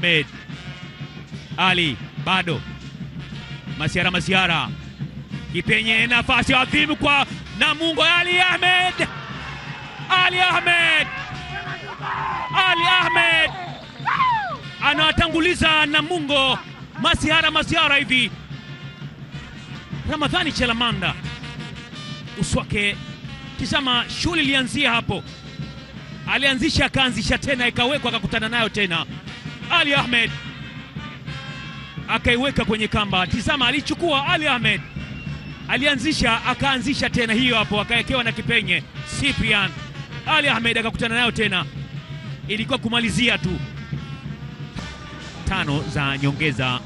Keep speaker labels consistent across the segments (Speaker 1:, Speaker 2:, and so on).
Speaker 1: Ahmed Ali bado Masiara Masiara kipenye nafasi adhimu kwa Namungo. Ali Ahmed Ali Ahmed Ali Ahmed anawatanguliza Namungo. Masiara Masiara hivi Ramadhani Chelamanda uswake, tizama, shughuli ilianzia hapo, alianzisha akaanzisha tena, ikawekwa akakutana nayo tena. Ali Ahmed akaiweka kwenye kamba. Tizama, alichukua Ali Ahmed, alianzisha akaanzisha tena hiyo hapo, akawekewa na kipenye Cyprian Ali Ahmed akakutana nayo tena, ilikuwa kumalizia tu. Tano za nyongeza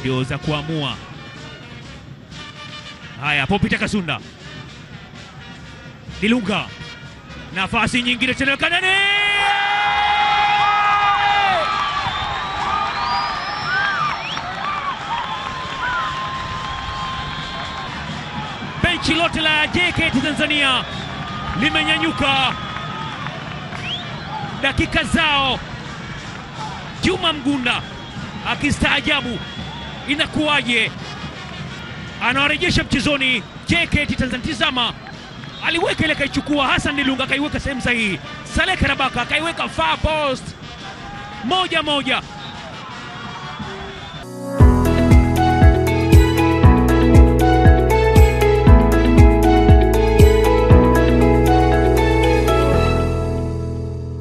Speaker 1: ndio za kuamua haya. Popita Kasunda Dilunga, nafasi nyingine tena, Kanani Benchi lote la JKT Tanzania limenyanyuka, dakika zao. Juma Mgunda akistaajabu, inakuwaje? Anawarejesha mchezoni JKT Tanzania. Tizama, aliweka ile, akaichukua Hassan Dilunga, akaiweka sehemu sahihi. Saleh Karabaka akaiweka far post, moja moja.